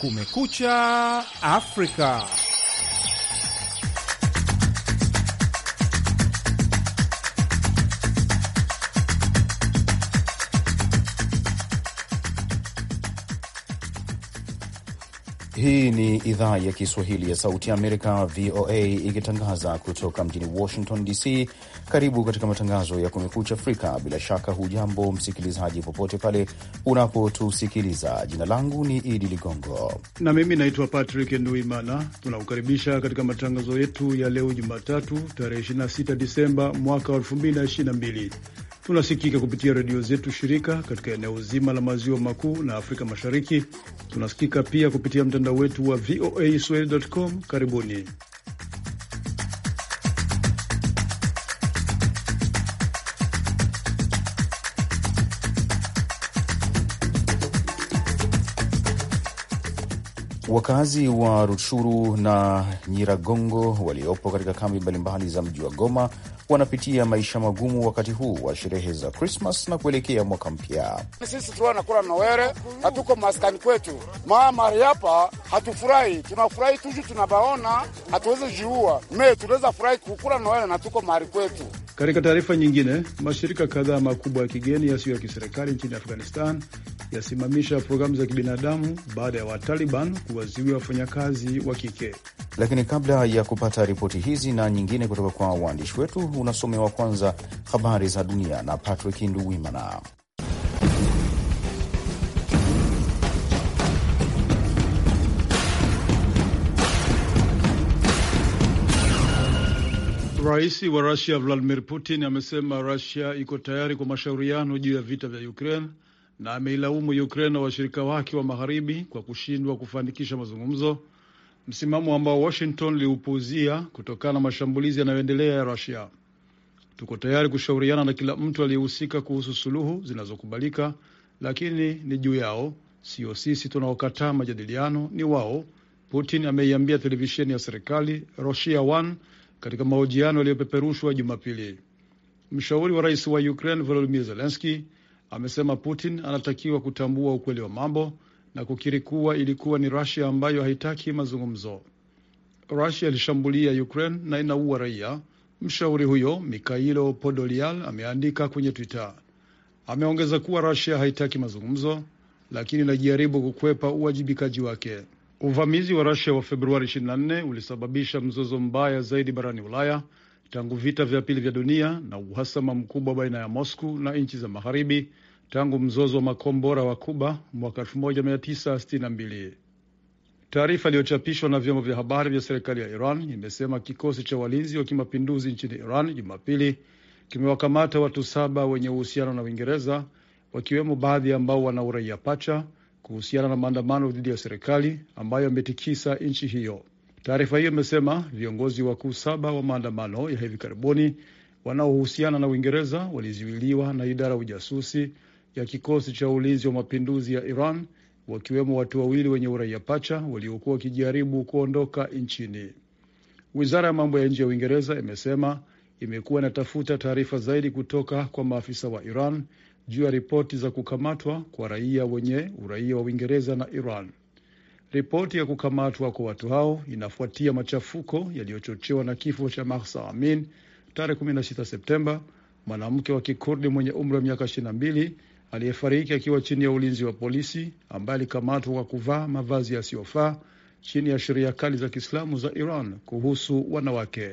Kumekucha Afrika. Hii ni idhaa ya Kiswahili ya Sauti ya Amerika, VOA, ikitangaza kutoka mjini Washington DC. Karibu katika matangazo ya Kumekucha Afrika. Bila shaka, hujambo msikilizaji, popote pale unapotusikiliza. Jina langu ni Idi Ligongo na mimi naitwa Patrick Nduimana. Tunakukaribisha katika matangazo yetu ya leo Jumatatu, tarehe 26 Disemba mwaka 2022. Tunasikika kupitia redio zetu shirika katika eneo zima la maziwa makuu na Afrika Mashariki. Tunasikika pia kupitia mtandao wetu wa VOA swahili.com. Karibuni. Wakazi wa Rutshuru na Nyiragongo waliopo katika kambi mbalimbali za mji wa Goma wanapitia maisha magumu wakati huu wa sherehe za Krismas na kuelekea mwaka mpya. Sisi nakula nowere, hatuko maskani kwetu, maa mari hapa hatufurahi, tunafurahi tuju tunabaona, hatuwezi jiua me tunaweza furahi kukula nowere na tuko mari kwetu. Katika taarifa nyingine, mashirika kadhaa makubwa ya kigeni yasiyo ya kiserikali nchini Afghanistan yasimamisha programu za kibinadamu baada ya Wataliban kuwaziwia wafanyakazi wa kike. Lakini kabla ya kupata ripoti hizi na nyingine kutoka kwa waandishi wetu, unasomewa kwanza habari za dunia na Patrick Nduwimana. Rais wa Rusia Vladimir Putin amesema Rusia iko tayari kwa mashauriano juu ya vita vya Ukraine na ameilaumu Ukraine na washirika wake wa magharibi kwa kushindwa kufanikisha mazungumzo, msimamo ambao Washington liupuuzia kutokana na mashambulizi yanayoendelea ya Rusia. Tuko tayari kushauriana na kila mtu aliyehusika kuhusu suluhu zinazokubalika, lakini ni juu yao, sio sisi tunaokataa majadiliano, ni wao, Putin ameiambia televisheni ya serikali Rosia One katika mahojiano yaliyopeperushwa Jumapili. Mshauri wa rais wa Ukraine Volodymyr Zelensky amesema Putin anatakiwa kutambua ukweli wa mambo na kukiri kuwa ilikuwa ni Russia ambayo haitaki mazungumzo. Russia ilishambulia Ukraine na inaua raia, mshauri huyo Mikhailo Podolial ameandika kwenye Twitter. Ameongeza kuwa Russia haitaki mazungumzo, lakini inajaribu kukwepa uwajibikaji wake. Uvamizi wa Rusia wa Februari 24 ulisababisha mzozo mbaya zaidi barani Ulaya tangu vita vya pili vya dunia na uhasama mkubwa baina ya Moscow na nchi za magharibi tangu mzozo wa makombora wa Kuba mwaka 1962. Taarifa iliyochapishwa na vyombo vya habari vya serikali ya Iran imesema kikosi cha walinzi wa kimapinduzi nchini Iran Jumapili kimewakamata watu saba wenye uhusiano na Uingereza, wakiwemo baadhi ambao wana uraia pacha kuhusiana na maandamano dhidi ya serikali ambayo yametikisa nchi hiyo. Taarifa hiyo imesema viongozi wakuu saba wa maandamano ya hivi karibuni wanaohusiana na Uingereza walizuiliwa na idara ya ujasusi ya kikosi cha ulinzi wa mapinduzi ya Iran, wakiwemo watu wawili wenye uraia pacha waliokuwa wakijaribu kuondoka nchini. Wizara ya mambo ya nje ya Uingereza imesema imekuwa inatafuta taarifa zaidi kutoka kwa maafisa wa Iran juu ya ripoti za kukamatwa kwa raia wenye uraia wa Uingereza na Iran. Ripoti ya kukamatwa kwa watu hao inafuatia machafuko yaliyochochewa na kifo cha Mahsa Amin tarehe 16 Septemba, mwanamke wa Kikurdi mwenye umri wa miaka 22 aliyefariki akiwa chini ya ulinzi wa polisi, ambaye alikamatwa kwa kuvaa mavazi yasiyofaa chini ya sheria kali za Kiislamu za Iran kuhusu wanawake.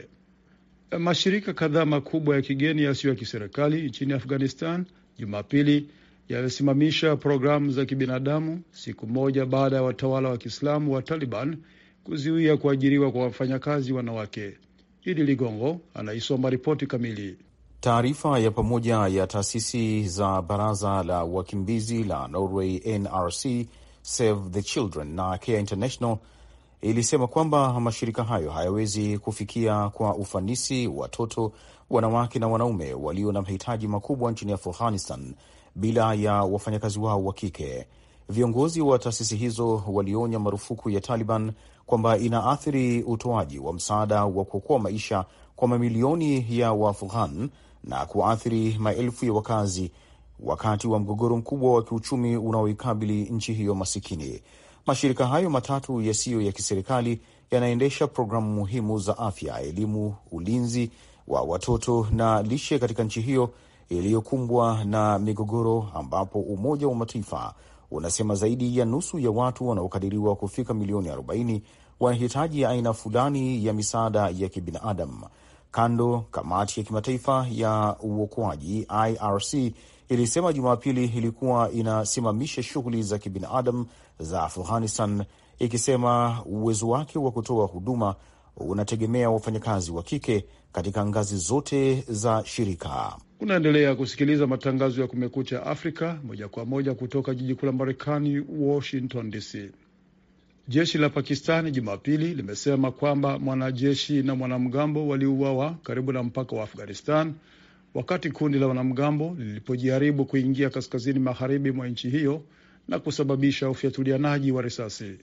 Mashirika kadhaa makubwa ya kigeni yasiyo ya kiserikali nchini Afghanistan Jumapili yamesimamisha programu za kibinadamu siku moja baada ya watawala wa Kiislamu wa Taliban kuzuia kuajiriwa kwa wafanyakazi wanawake. Idi Ligongo anaisoma ripoti kamili. Taarifa ya pamoja ya taasisi za baraza la wakimbizi la Norway, NRC, Save the Children na Care International ilisema kwamba mashirika hayo hayawezi kufikia kwa ufanisi watoto, wanawake na wanaume walio na mahitaji makubwa nchini Afghanistan bila ya wafanyakazi wao wa kike. Viongozi wa taasisi hizo walionya marufuku ya Taliban kwamba inaathiri utoaji wa msaada wa kuokoa maisha kwa mamilioni ya Waafghan na kuathiri maelfu ya wakazi wakati wa mgogoro mkubwa wa kiuchumi unaoikabili nchi hiyo masikini. Mashirika hayo matatu yasiyo ya kiserikali yanaendesha programu muhimu za afya, elimu, ulinzi wa watoto na lishe katika nchi hiyo iliyokumbwa na migogoro, ambapo Umoja wa Mataifa unasema zaidi ya nusu ya watu wanaokadiriwa kufika milioni 40 wanahitaji aina fulani ya misaada ya kibinadamu. Kando, kamati ya kimataifa ya uokoaji IRC ilisema Jumapili ilikuwa inasimamisha shughuli za kibinadamu za Afghanistan, ikisema uwezo wake wa kutoa huduma unategemea wafanyakazi wa kike katika ngazi zote za shirika. Unaendelea kusikiliza matangazo ya Kumekucha Afrika moja kwa moja kutoka jiji kuu la Marekani, Washington DC. Jeshi la Pakistani Jumapili limesema kwamba mwanajeshi na mwanamgambo waliuawa karibu na mpaka wa Afghanistan wakati kundi la wanamgambo lilipojaribu kuingia kaskazini magharibi mwa nchi hiyo na kusababisha ufyatulianaji wa risasi.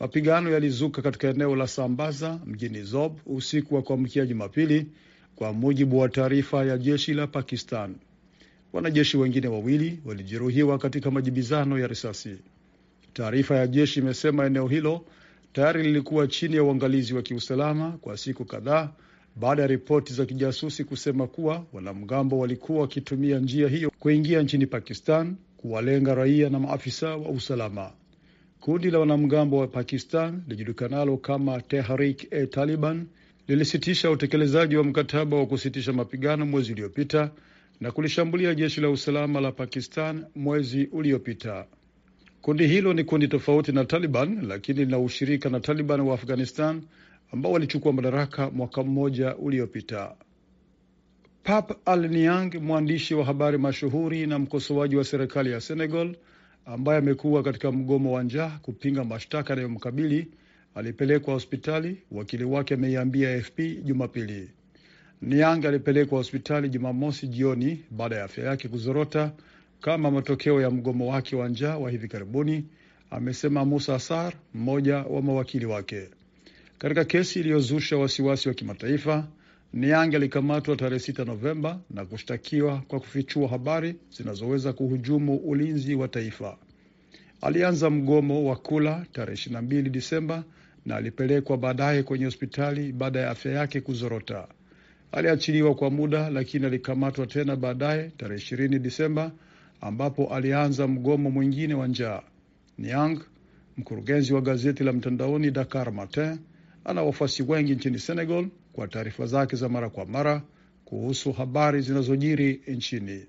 Mapigano yalizuka katika eneo la Sambaza mjini Zob usiku wa kuamkia Jumapili, kwa mujibu wa taarifa ya jeshi la Pakistan. Wanajeshi wengine wawili walijeruhiwa katika majibizano ya risasi. Taarifa ya jeshi imesema eneo hilo tayari lilikuwa chini ya uangalizi wa kiusalama kwa siku kadhaa baada ya ripoti za kijasusi kusema kuwa wanamgambo walikuwa wakitumia njia hiyo kuingia nchini Pakistan kuwalenga raia na maafisa wa usalama. Kundi la wanamgambo wa Pakistan lijulikanalo kama Tehrik e Taliban lilisitisha utekelezaji wa mkataba wa kusitisha mapigano mwezi uliopita na kulishambulia jeshi la usalama la Pakistan mwezi uliopita. Kundi hilo ni kundi tofauti na Taliban, lakini lina ushirika na Taliban wa Afghanistan ambao walichukua madaraka mwaka mmoja uliopita. Pap Al Niang, mwandishi wa habari mashuhuri na mkosoaji wa serikali ya Senegal ambaye amekuwa katika mgomo wa njaa kupinga mashtaka yanayomkabili alipelekwa hospitali, wakili wake ameiambia AFP Jumapili. Niang alipelekwa hospitali Jumamosi jioni baada ya afya yake kuzorota kama matokeo ya mgomo wake wa njaa wa hivi karibuni, amesema Musa Sar, mmoja wa mawakili wake. Katika kesi iliyozusha wasiwasi wa kimataifa, Niange alikamatwa tarehe sita Novemba na kushtakiwa kwa kufichua habari zinazoweza kuhujumu ulinzi wa taifa. Alianza mgomo wa kula tarehe mbili Disemba na alipelekwa baadaye kwenye hospitali baada ya afya yake kuzorota. Aliachiliwa kwa muda, lakini alikamatwa tena baadaye tarehe 20 Disemba ambapo alianza mgomo mwingine wa njaa. Niang, mkurugenzi wa gazeti la mtandaoni Dakar Matin, ana wafuasi wengi nchini Senegal kwa taarifa zake za mara kwa mara kuhusu habari zinazojiri nchini.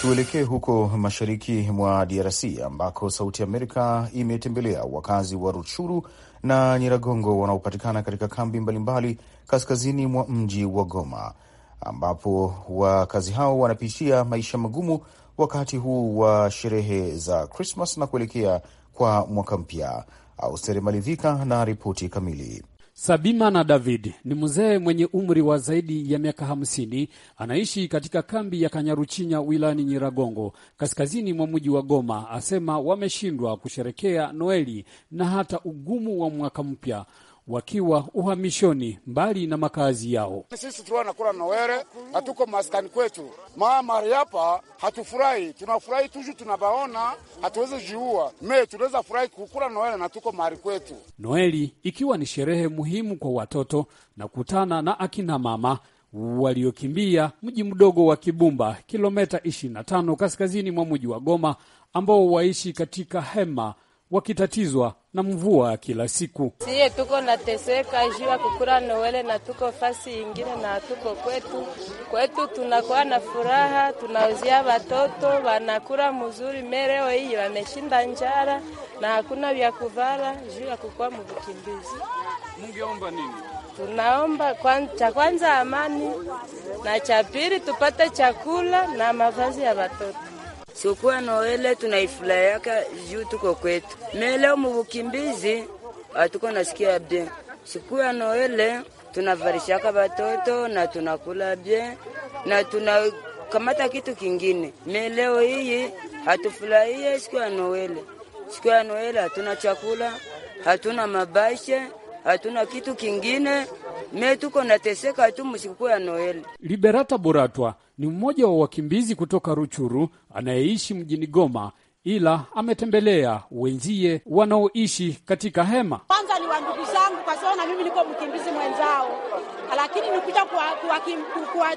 Tuelekee huko mashariki mwa DRC ambako Sauti Amerika imetembelea wakazi wa Rutshuru na Nyiragongo wanaopatikana katika kambi mbalimbali kaskazini mwa mji wa Goma, ambapo wakazi hao wanapitia maisha magumu wakati huu wa sherehe za Krismas na kuelekea kwa mwaka mpya. Austeri Malivika na ripoti kamili. Sabima na David ni mzee mwenye umri wa zaidi ya miaka hamsini. Anaishi katika kambi ya Kanyaruchinya wilani Nyiragongo, kaskazini mwa mji wa Goma. Asema wameshindwa kusherekea Noeli na hata ugumu wa mwaka mpya wakiwa uhamishoni mbali na makazi yao. Sisi nakula nowere, hatuko maskani kwetu, maa mari hapa hatufurahi, tunafurahi tuju tunavaona hatuwezi jiua me tunaweza furahi kukula nowere na tuko mari kwetu. Noeli ikiwa ni sherehe muhimu kwa watoto na kutana na akina mama waliokimbia mji mdogo wa Kibumba, kilometa 25 kaskazini mwa mji wa Goma, ambao waishi katika hema wakitatizwa na mvua kila siku. Siye tuko nateseka jua kukura nowele na tuko fasi ingine na tuko kwetu kwetu, tunakuwa na furaha, tunauzia watoto wanakura mzuri mereo hii wameshinda njara na hakuna vya kuvala juu ya kukuwa Mungeomba nini? Tunaomba kwan, cha kwanza amani na cha pili tupate chakula na mavazi ya watoto. Sikukuu ya Noele tunaifurahiaka juu tuko kwetu. Meleo mubukimbizi hatuko nasikia bien. Sikukuu ya Noele tunavarishaka batoto na tunakula bien na tunakamata kitu kingine. Meleo hii hatufurahie siku ya Noele. Siku ya Noele hatuna chakula, hatuna mabashe hatuna kitu kingine, me tuko nateseka tu msikukuu ya Noeli. Liberata Buratwa ni mmoja wa wakimbizi kutoka Ruchuru anayeishi mjini Goma, ila ametembelea wenzie wanaoishi katika hema. Kwanza ni wandugu zangu, kwa sababu na mimi niko mkimbizi mwenzao, lakini nikuja kuwa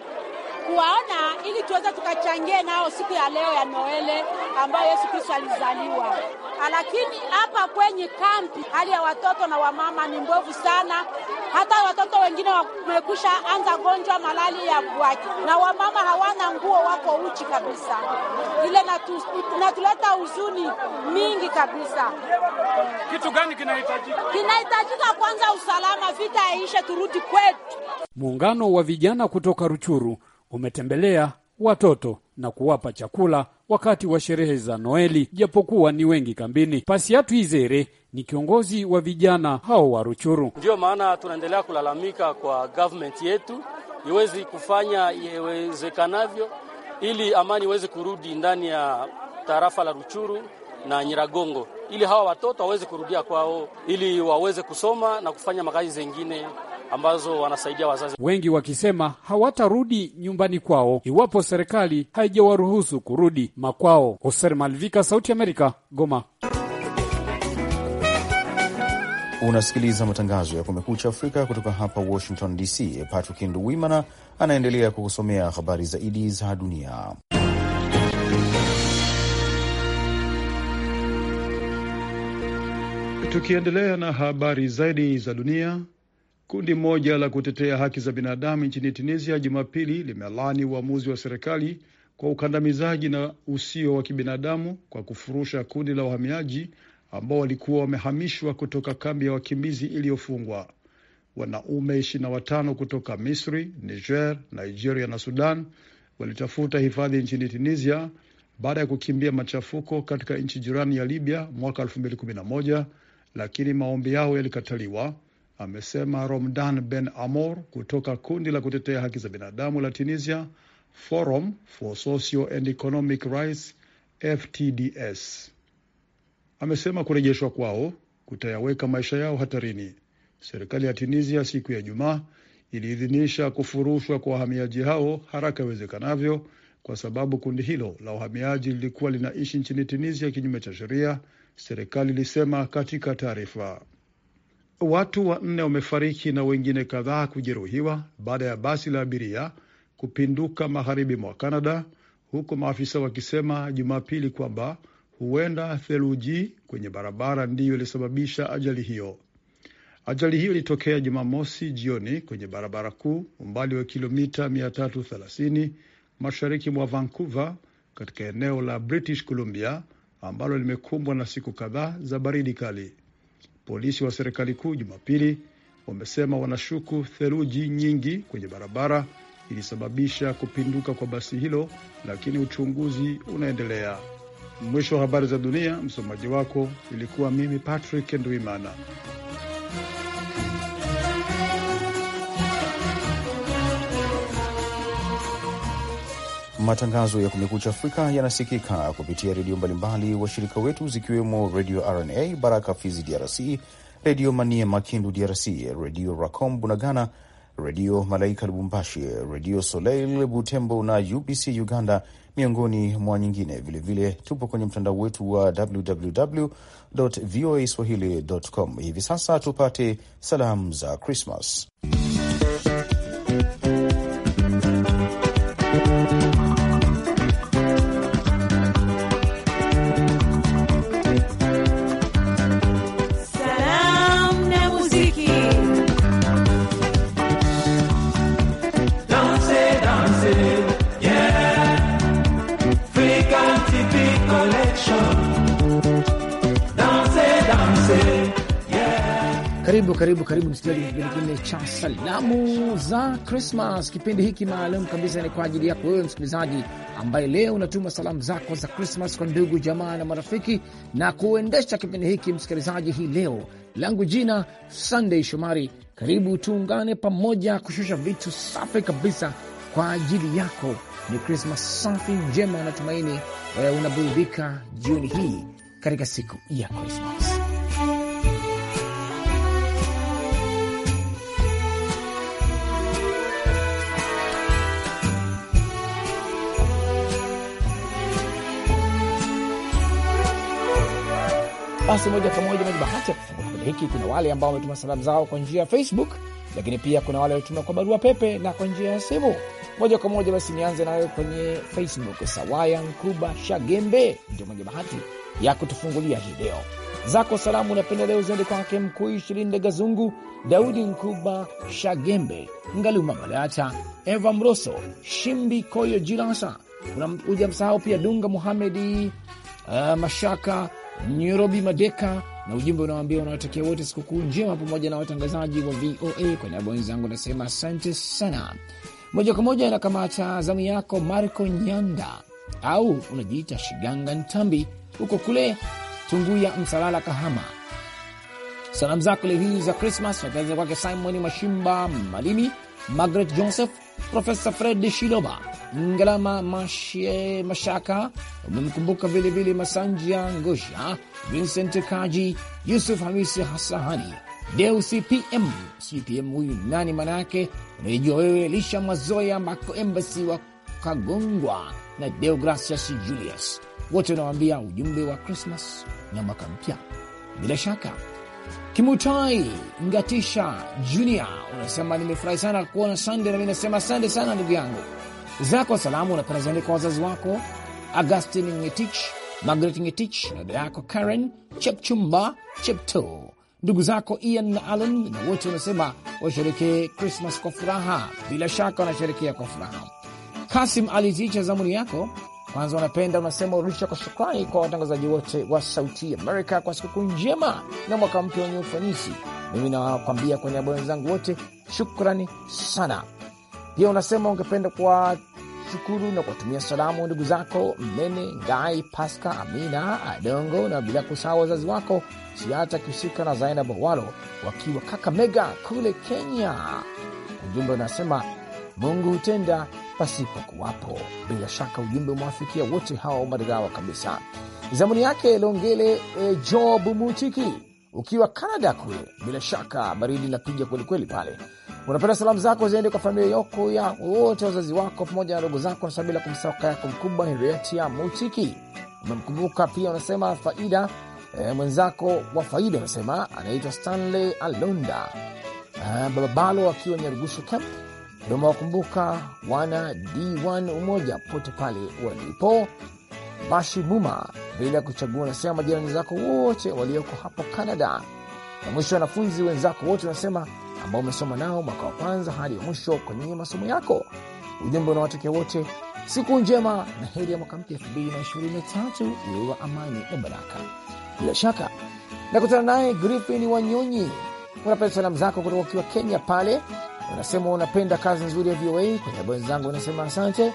kuwaona ili tuweze tukachangie nao siku ya leo ya Noele ambayo Yesu Kristo alizaliwa lakini hapa kwenye kambi hali ya watoto na wamama ni mbovu sana. Hata watoto wengine wamekusha anza gonjwa malali ya bwaki, na wamama hawana nguo, wako uchi kabisa. Ile natuleta huzuni mingi kabisa. Kitu gani kinahitajika? Kinahitajika kwanza usalama, vita yaishe, turudi kwetu. Muungano wa vijana kutoka Ruchuru umetembelea watoto na kuwapa chakula wakati wa sherehe za Noeli, japokuwa ni wengi kambini. Pasiatu Izere ni kiongozi wa vijana hao wa Ruchuru. Ndiyo maana tunaendelea kulalamika kwa government yetu iwezi kufanya iwezekanavyo ili amani iweze kurudi ndani ya tarafa la Ruchuru na Nyiragongo, ili hawa watoto waweze kurudia kwao, ili waweze kusoma na kufanya makazi zengine ambazo wanasaidia wazazi, wengi wakisema hawatarudi nyumbani kwao iwapo serikali haijawaruhusu kurudi makwao. Hoser Malvika, Sauti ya Amerika, Goma. Unasikiliza matangazo ya Kumekucha Afrika kutoka hapa Washington DC. Patrick Nduwimana anaendelea kukusomea habari zaidi za dunia. Tukiendelea na habari zaidi za dunia, Kundi moja la kutetea haki za binadamu nchini Tunisia Jumapili limelani uamuzi wa serikali kwa ukandamizaji na usio wa kibinadamu kwa kufurusha kundi la wahamiaji ambao walikuwa wamehamishwa kutoka kambi ya wakimbizi iliyofungwa. Wanaume 25 kutoka Misri, Niger, Nigeria na Sudan walitafuta hifadhi nchini Tunisia baada ya kukimbia machafuko katika nchi jirani ya Libya mwaka 2011 lakini maombi yao yalikataliwa amesema Romdan Ben Amor kutoka kundi la kutetea haki za binadamu la Tunisia, Forum for Socio and Economic Rights FTDS. Amesema kurejeshwa kwao kutayaweka maisha yao hatarini. Serikali ya Tunisia siku ya Ijumaa iliidhinisha kufurushwa kwa wahamiaji hao haraka iwezekanavyo, kwa sababu kundi hilo la wahamiaji lilikuwa linaishi nchini Tunisia kinyume cha sheria, serikali ilisema katika taarifa. Watu wanne wamefariki na wengine kadhaa kujeruhiwa baada ya basi la abiria kupinduka magharibi mwa Kanada, huku maafisa wakisema Jumapili kwamba huenda theluji kwenye barabara ndiyo ilisababisha ajali hiyo. Ajali hiyo ilitokea Jumamosi jioni kwenye barabara kuu umbali wa kilomita 330 mashariki mwa Vancouver, katika eneo la British Columbia ambalo limekumbwa na siku kadhaa za baridi kali. Polisi wa serikali kuu Jumapili wamesema wanashuku theluji nyingi kwenye barabara ilisababisha kupinduka kwa basi hilo, lakini uchunguzi unaendelea. Mwisho wa habari za dunia. Msomaji wako ilikuwa mimi Patrick Ndwimana. Matangazo ya Kumekucha Afrika yanasikika kupitia redio mbalimbali washirika wetu zikiwemo Redio RNA Baraka Fizi DRC, Redio Manie Makindu DRC, Redio Racom Bunagana, Redio Malaika Lubumbashi, Redio Soleil Butembo na UBC Uganda, miongoni mwa nyingine. Vilevile tupo kwenye mtandao wetu wa www voa swahili com. Hivi sasa tupate salamu za Krismas. kipindi kingine cha salamu za Krismas. Kipindi hiki maalum kabisa ni kwa ajili yako wewe msikilizaji, ambaye leo unatuma salamu zako za Krismas kwa ndugu, jamaa na marafiki. Na kuendesha kipindi hiki msikilizaji hii leo, langu jina Sunday Shomari. Karibu tuungane pamoja kushusha vitu safi kabisa kwa ajili yako. Ni Krismas safi njema, natumaini eh, unaburudika jioni hii katika siku ya Krismas. Basi moja kwa moja maji bahati ya kufungua kipindi hiki, kuna wale ambao wametuma salamu zao kwa njia ya Facebook, lakini pia kuna wale waliotuma kwa barua pepe na kwa njia ya simu. Moja kwa moja basi nianze nayo kwenye Facebook. Sawaya Nkuba Shagembe ndio mwenye bahati ya kutufungulia hii leo. Zako salamu napenda leo ziende kwake Mkuu Shirinde Gazungu, Daudi Nkuba Shagembe, Ngaluma Malata, Eva Mroso, Shimbi Koyo Jirasa, msahau pia Dunga Muhamedi, uh, eh, Mashaka Nyorobi Madeka na ujumbe unaoambia unawatakia wote sikukuu njema pamoja na watangazaji wa VOA. Kwa niaba wenzangu nasema asante sana. Moja kwa moja anakamata zamu yako Marco Nyanda au unajiita Shiganga Ntambi huko kule Tunguya, Msalala, Kahama. Salamu zako leo hii za Krismas nataeza kwake Simoni Mashimba Malimi, Margaret Joseph, Profesa Fred Shiloba Ngalama Mashie Mashaka, umemkumbuka vilevile Masanjia Ngosha, Vincent Kaji, Yusuf Hamisi Hasahani, Deusi PM, si PM huyu nani manake unaijua wewe, Lisha mazoya Mako Embassy wa Kagongwa na Gracias Julius, wote unawaambia ujumbe wa Krismas na mwaka mpya. Bila shaka Kimutai Ngatisha Junior unasema nimefurahi sana kuona Sande, nami nasema asante sana ndugu yangu zako salamu unapenda ziende kwa wazazi wako Agustin Ngetich, Margaret Ngetich na dada yako Karen Chepchumba Chepto, ndugu zako Ian na Alan na wote wanasema washerekee Krismas kwa furaha. Bila shaka wanasherekea kwa furaha. Kasim alitiicha zamuni yako kwanza, wanapenda unasema urudisha kwa shukrani kwa watangazaji wote wa Sauti Amerika kwa sikukuu njema na mwaka mpya wenye ufanisi. Mimi nawakwambia kwa niaba wenzangu wote, shukrani sana. Pia unasema ungependa kwa kuwashukuru na kuwatumia salamu ndugu zako Mnene Ngai, Paska, Amina Adongo, na bila kusahau wazazi wako Siata Kisika na Zaina Awalo wakiwa Kakamega kule Kenya. Ujumbe unasema Mungu hutenda pasipo kuwapo. Bila shaka ujumbe umewafikia wote hawa maridhawa kabisa. Zamuni yake Longele e, Job Mutiki ukiwa Canada kule, bila shaka baridi linapiga kwelikweli pale Unapenda salamu zako ziende kwa familia yako ya wote, wazazi wako pamoja na ndugu zako, na bila kumsahau kaka yako mkubwa Henrieti ya Mutiki. Umemkumbuka pia, unasema faida e, mwenzako wa faida unasema anaitwa Stanley Alonda ah, Babalo akiwa Nyarugusu Camp umewakumbuka wana D1 Umoja pote pale walipo. Bashi Muma bila ya kuchagua unasema majirani zako wote walioko hapo Canada, na mwisho wanafunzi wenzako wote unasema ambao umesoma nao mwaka wa kwanza hadi mwisho kwenye masomo yako. Ujumbe unawatakia wote siku njema na heri ya mwaka mpya elfu mbili na ishirini na tatu iliyowa amani na baraka. Bila shaka nakutana naye Griffin Wanyonyi, unapenda salamu zako kutoka ukiwa Kenya pale, unasema unapenda kazi nzuri ya VOA. Kwa niaba wenzangu unasema asante.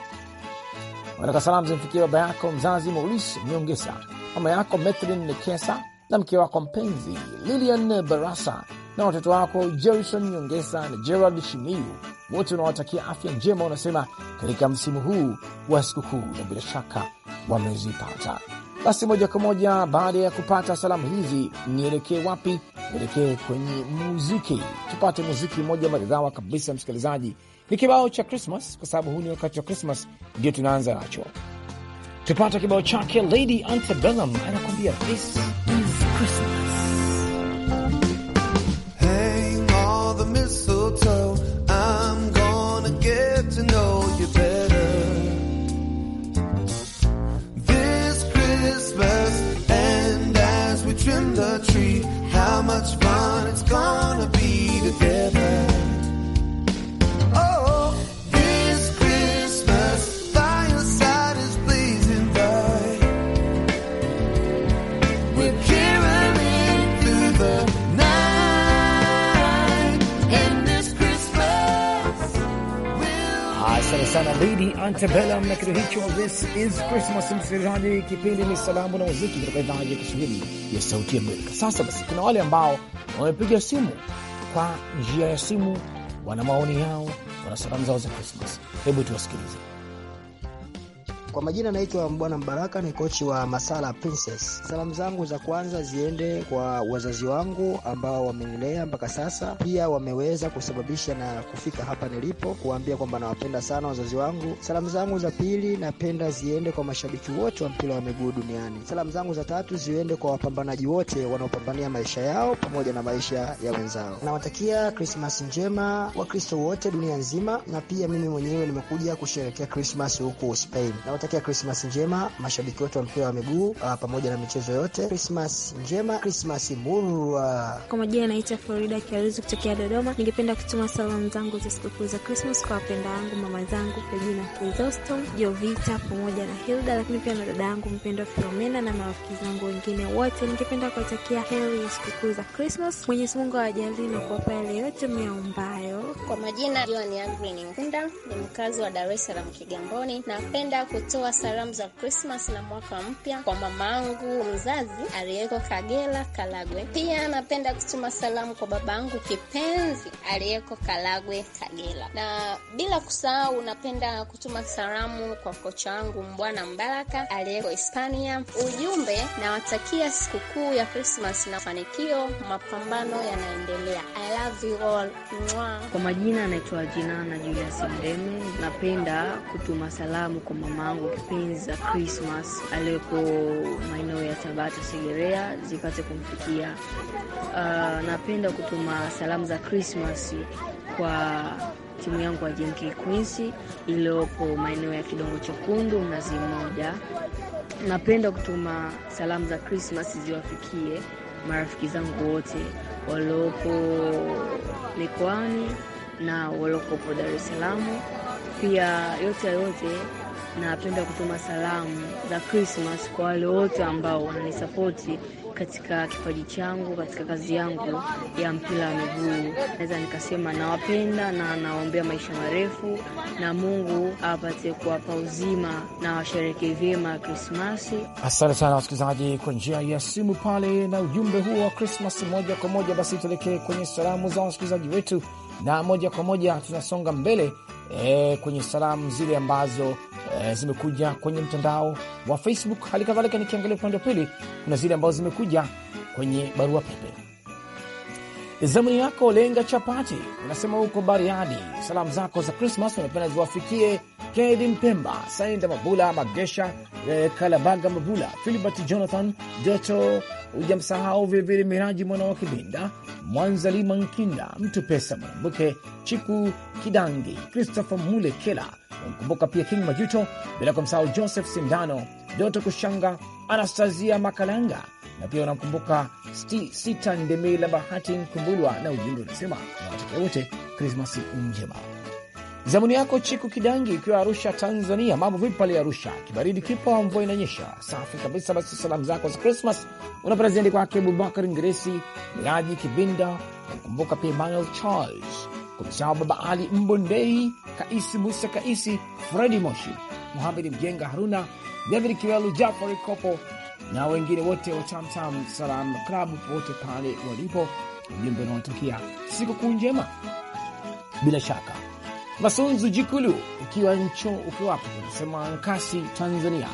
Unataka salamu zimfikia baba yako mzazi Maulis Nyongesa, mama yako Metrin Nekesa na mke wako mpenzi Lilian Barasa na watoto wako Jerison Nyongesa na Gerald Shimiu, wote unawatakia afya njema, wanasema katika msimu huu wa sikukuu, na bila shaka wamezipata. Basi moja kwa moja baada ya kupata salamu hizi, nielekee wapi? Nielekee kwenye muziki, tupate muziki moja maridhawa kabisa. Msikilizaji, ni kibao cha Krismas kwa sababu huu ni wakati wa Krismas, ndio tunaanza nacho. Tupate kibao chake Lady Antebellum anakuambia this is Christmas. Lady Antebellum na kitu hicho, this is Christmas. Msikilizaji, kipindi ni salamu na muziki kutoka idhaa ya Kiswahili ya Sauti Amerika. Sasa basi, kuna wale ambao wamepiga simu kwa njia ya simu, wana maoni yao, wana salamu zao za Christmas. Hebu tuwasikilize. Kwa majina naitwa Bwana Mbaraka, ni kochi wa Masala Princess. Salamu zangu za kwanza ziende kwa wazazi wangu ambao wamenilea mpaka sasa, pia wameweza kusababisha na kufika hapa nilipo, kuwaambia kwamba nawapenda sana wazazi wangu. Salamu zangu za pili napenda ziende kwa mashabiki wote wa mpira wa miguu duniani. Salamu zangu za tatu ziende kwa wapambanaji wote wanaopambania maisha yao pamoja na maisha ya wenzao. Nawatakia krismas njema Wakristo wote dunia nzima, na pia mimi mwenyewe nimekuja kusherekea Krismas huku Spain na tunawatakia Krismas njema mashabiki wote wa mpira wa miguu ah, pamoja na michezo yote. Krismas njema, Krismas murwa. Kwa majina naita Florida Kiaruzi kutokea Dodoma. Ningependa kutuma salamu zangu za sikukuu za Krismas kwa wapenda wangu, mama zangu Regina Krizostom, Jovita pamoja na Hilda, lakini pia na dada yangu mpendwa Filomena na marafiki zangu wengine wote. Ningependa kuwatakia heri ya sikukuu za Krismas. Mwenyezi Mungu awajalie na kuwapa yale yote mmeombayo. Kwa majina Joan Angri Ngunda, ni mkazi wa Dar es Salaam Kigamboni. Napenda kutoa salamu za Krismas na mwaka mpya kwa mamangu mzazi aliyeko Kagera, Karagwe. Pia napenda kutuma salamu kwa babangu kipenzi aliyeko Karagwe, Kagera, na bila kusahau napenda kutuma salamu kwa kocha wangu Mbwana Mbaraka aliyeko Hispania. Ujumbe, nawatakia sikukuu ya Krismas na mafanikio, mapambano yanaendelea. I love you all. Mwa. Kwa majina anaitwa Jinana Julius Mdeme. Napenda kutuma salamu kwa mamangu wangu pins za Krismas aliyoko maeneo ya Tabata Segerea zipate kumfikia. Uh, napenda kutuma salamu za krismas kwa timu yangu ya JMK Queens iliyopo maeneo ya Kidongo Chekundu Mnazi Mmoja. Napenda kutuma salamu za Krismas ziwafikie marafiki zangu wote waliopo mikoani na waliokopo Dar es Salaam. Pia yote yote Napenda kutuma salamu za Krismas kwa wale wote ambao wananisapoti katika kipaji changu, katika kazi yangu ya mpira wa miguu. Naweza nikasema nawapenda na naombea maisha marefu, na Mungu apate kuwapa uzima na washerekee vyema Krismasi. Asante sana wasikilizaji kwa njia ya simu pale na ujumbe huo wa Krismas moja kwa moja. Basi tuelekee kwenye salamu za wasikilizaji wetu na moja kwa moja tunasonga mbele e, kwenye salamu zile ambazo e, zimekuja kwenye mtandao wa Facebook. Hali kadhalika nikiangalia upande wa pili, kuna zile ambazo zimekuja kwenye barua pepe Zamuni yako lenga chapati, unasema huko Bariadi. Salamu zako za Krismas unapenda ziwafikie Kedi Mpemba, Sainda Mabula, Magesha eh, Kalabaga Mabula, Filibert Jonathan Joto, ujamsahau vilevile Miraji mwana wa Kibinda, Mwanza Lima Nkinda, Mtu Pesa Mwanambuke, Chiku Kidangi, Christopher Mule Kela, unakumbuka pia King Majuto, bila kumsahau Joseph Sindano, Doto Kushanga, Anastasia Makalanga na pia unamkumbuka Sitan Demila Bahati Nkumbulwa, na ujumbe unasema nawatakia wote Krismasi njema. Zamuni yako Chiku Kidangi ikiwa Arusha, Tanzania. Mambo vipi pale Arusha? Kibaridi kipo, mvua inanyesha. Safi kabisa. Basi salamu zako za Krismas unapenda ziende kwake Abubakar Ngresi, Miraji Kibinda, namkumbuka pia Emmanuel Charles kumsahau Baba Ali Mbondei, Kaisi Musa Kaisi, Fredi Moshi, Muhamedi Mjenga, Haruna David Kiwelu, Jafari Kopo na wengine wote wa Tamtam Salam Klabu wote pale walipo, ujumbe unaotakia sikukuu njema. Bila shaka Masunzu Jikulu, ukiwa ncho ukiwapo wapo unasema Nkasi, Tanzania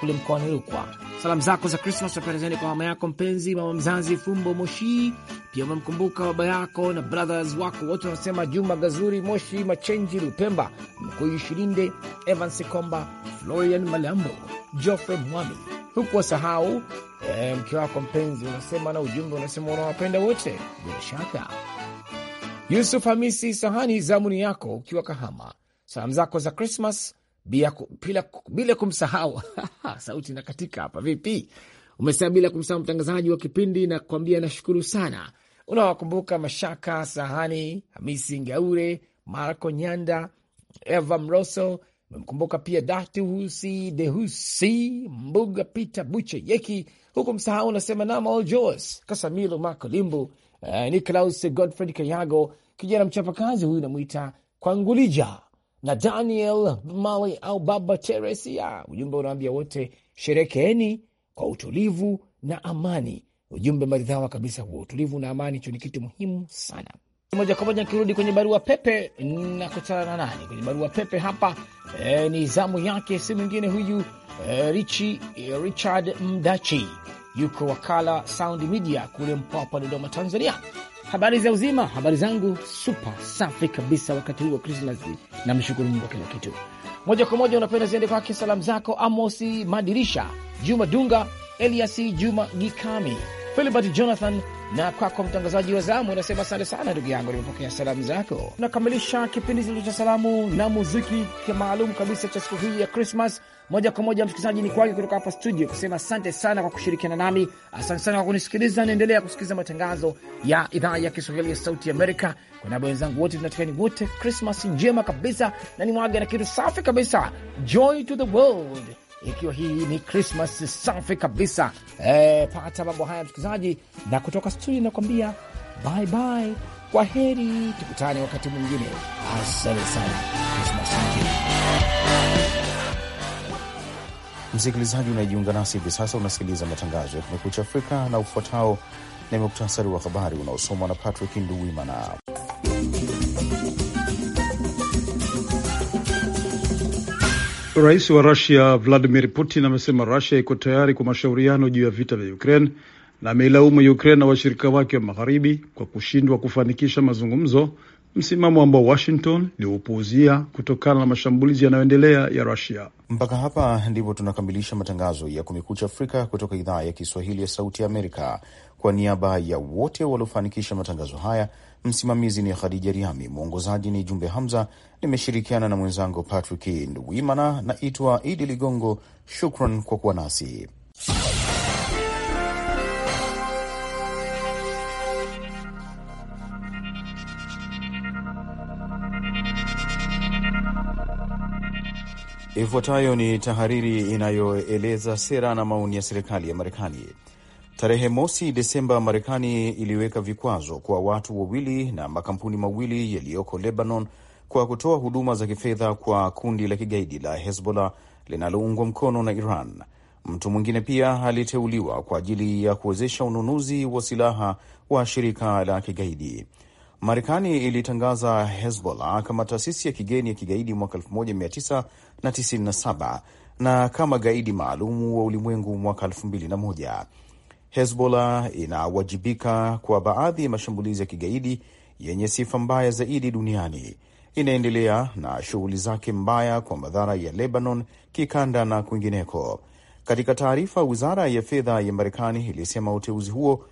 kule mkoani Rukwa, salamu zako za Krismas waperazeni kwa mama yako mpenzi, mama mzazi Fumbo Moshi. Pia umemkumbuka baba yako na brothers wako wote, wanasema Juma Gazuri Moshi, Machenji Lupemba, Mkuyu Shirinde, Evans Komba, Florian Malambo, Joffre Mwami huku wasahau e, eh, mke wako mpenzi, unasema na ujumbe unasema unawapenda wote. Bila shaka, Yusuf Hamisi Sahani, zamuni yako ukiwa Kahama, salamu zako za Krismas bila kumsahau sauti nakatika hapa vipi? Umesema bila kumsahau mtangazaji wa kipindi, na kuambia nashukuru sana. Unawakumbuka Mashaka Sahani, Hamisi Ngaure, Marco Nyanda, Eva Mroso, Memkumbuka pia Datusi Dehusi Mbuga, Peter Buche Yeki, huku msahau unasema Namal Joas Kasamilo Makolimbu, uh, eh, Niklaus Godfred Kayago, kijana mchapakazi huyu namwita Kwangulija na Daniel Mali au Baba Teresia. Ujumbe unaambia wote sherekeeni kwa utulivu na amani. Ujumbe maridhawa kabisa huo, utulivu na amani cho ni kitu muhimu sana. Moja kwa moja nikirudi kwenye barua pepe, nakutana na nani kwenye barua pepe hapa? E, ni zamu yake si mwingine huyu e, Richi, e, Richard Mdachi yuko wakala Sound Media kule Mpwapwa, Dodoma, Tanzania. Habari za uzima, habari zangu super safi kabisa wakati huu wa na namshukuru Mungu wa kila kitu. Moja kwa moja unapenda ziende kwake salamu zako, Amosi Madirisha, Juma Dunga, Eliasi Juma Gikami, Filibert Jonathan na kwako mtangazaji wa zamu, unasema asante sana ndugu yangu, nimepokea salamu zako. Tunakamilisha kipindi chetu cha salamu na muziki maalum kabisa cha siku hii ya Krismas. Moja kwa moja, msikilizaji ni kwake kutoka hapa studio kusema asante sana kwa kushirikiana nami, asante sana kwa kunisikiliza. Naendelea kusikiliza matangazo ya idhaa ya Kiswahili ya Sauti Amerika. Kwa niaba wenzangu wote, tunatakieni wote Krismas njema kabisa, na ni mwaga na kitu safi kabisa, joy to the world ikiwa hii ni Krismas safi kabisa. E, pata mambo haya msikilizaji, na kutoka studio nakuambia bye bye, kwa heri, tukutane wakati mwingine. Asante sana, Krismas msikilizaji. Unajiunga nasi hivi sasa, unasikiliza matangazo ya Kumekucha Afrika na ufuatao ni muktasari wa habari unaosomwa na Patrick Nduwimana. Rais wa Rusia Vladimir Putin amesema Rusia iko tayari kwa mashauriano juu ya vita vya Ukraine na ameilaumu Ukraine na washirika wake wa magharibi kwa kushindwa kufanikisha mazungumzo, msimamo ambao Washington liupuuzia kutokana na mashambulizi yanayoendelea ya Rusia. Mpaka hapa ndipo tunakamilisha matangazo ya Kumekucha Afrika kutoka idhaa ya Kiswahili ya Sauti ya Amerika. Kwa niaba ya wote waliofanikisha matangazo haya, msimamizi ni Khadija Riami, mwongozaji ni Jumbe Hamza. Nimeshirikiana na mwenzangu Patrick Nduwimana. Naitwa Idi Ligongo, shukran kwa kuwa nasi. Ifuatayo ni tahariri inayoeleza sera na maoni ya serikali ya Marekani. Tarehe mosi Desemba, Marekani iliweka vikwazo kwa watu wawili na makampuni mawili yaliyoko Lebanon kwa kutoa huduma za kifedha kwa kundi la kigaidi la Hezbollah linaloungwa mkono na Iran. Mtu mwingine pia aliteuliwa kwa ajili ya kuwezesha ununuzi wa silaha wa shirika la kigaidi. Marekani ilitangaza Hezbollah kama taasisi ya kigeni ya kigaidi mwaka 1997 na kama gaidi maalumu wa ulimwengu mwaka 2001. Hezbollah inawajibika kwa baadhi ya mashambulizi ya kigaidi yenye sifa mbaya zaidi duniani. Inaendelea na shughuli zake mbaya kwa madhara ya Lebanon, kikanda na kwingineko. Katika taarifa, wizara ya fedha ya Marekani ilisema uteuzi huo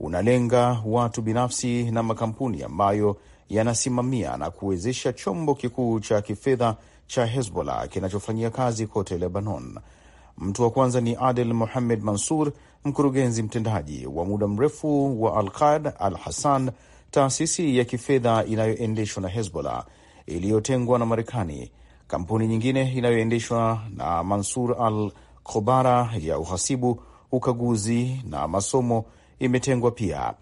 unalenga watu binafsi na makampuni ambayo yanasimamia na kuwezesha chombo kikuu cha kifedha cha Hezbollah kinachofanyia kazi kote Lebanon. Mtu wa kwanza ni Adel muhamed Mansur, mkurugenzi mtendaji wa muda mrefu wa Alqad Al Hassan, taasisi ya kifedha inayoendeshwa na Hezbollah iliyotengwa na Marekani. Kampuni nyingine inayoendeshwa na Mansur Al Kobara ya uhasibu, ukaguzi na masomo imetengwa pia.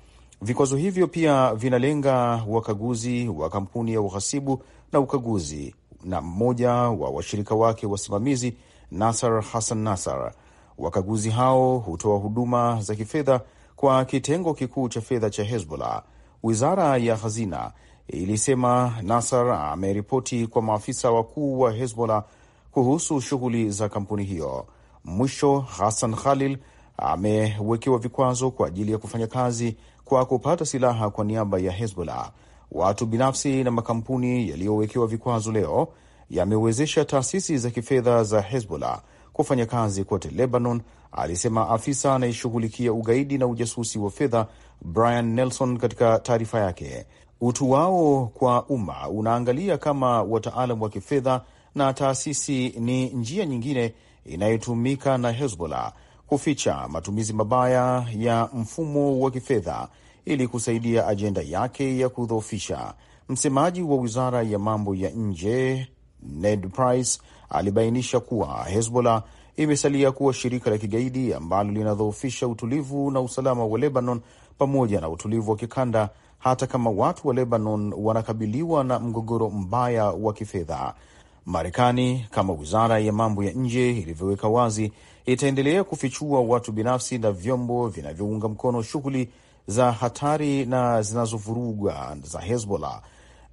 Vikwazo hivyo pia vinalenga wakaguzi wa kampuni ya uhasibu na ukaguzi na mmoja wa washirika wake wasimamizi Nasar Hassan Nasar. Wakaguzi hao hutoa huduma za kifedha kwa kitengo kikuu cha fedha cha Hezbollah. Wizara ya Hazina ilisema Nasar ameripoti kwa maafisa wakuu wa Hezbollah kuhusu shughuli za kampuni hiyo. Mwisho, Hassan Khalil amewekewa vikwazo kwa ajili ya kufanya kazi kwa kupata silaha kwa niaba ya Hezbollah. Watu binafsi na makampuni yaliyowekewa vikwazo leo yamewezesha taasisi za kifedha za Hezbollah kufanya kazi kote Lebanon, alisema afisa anayeshughulikia ugaidi na ujasusi wa fedha Brian Nelson katika taarifa yake. Utu wao kwa umma unaangalia kama wataalam wa kifedha na taasisi ni njia nyingine inayotumika na Hezbollah kuficha matumizi mabaya ya mfumo wa kifedha ili kusaidia ajenda yake ya kudhoofisha. Msemaji wa wizara ya mambo ya nje Ned Price alibainisha kuwa Hezbollah imesalia kuwa shirika la kigaidi ambalo linadhoofisha utulivu na usalama wa Lebanon pamoja na utulivu wa kikanda, hata kama watu wa Lebanon wanakabiliwa na mgogoro mbaya wa kifedha. Marekani kama wizara ya mambo ya nje ilivyoweka wazi, itaendelea kufichua watu binafsi na vyombo vinavyounga mkono shughuli za hatari na zinazovurugwa za Hezbollah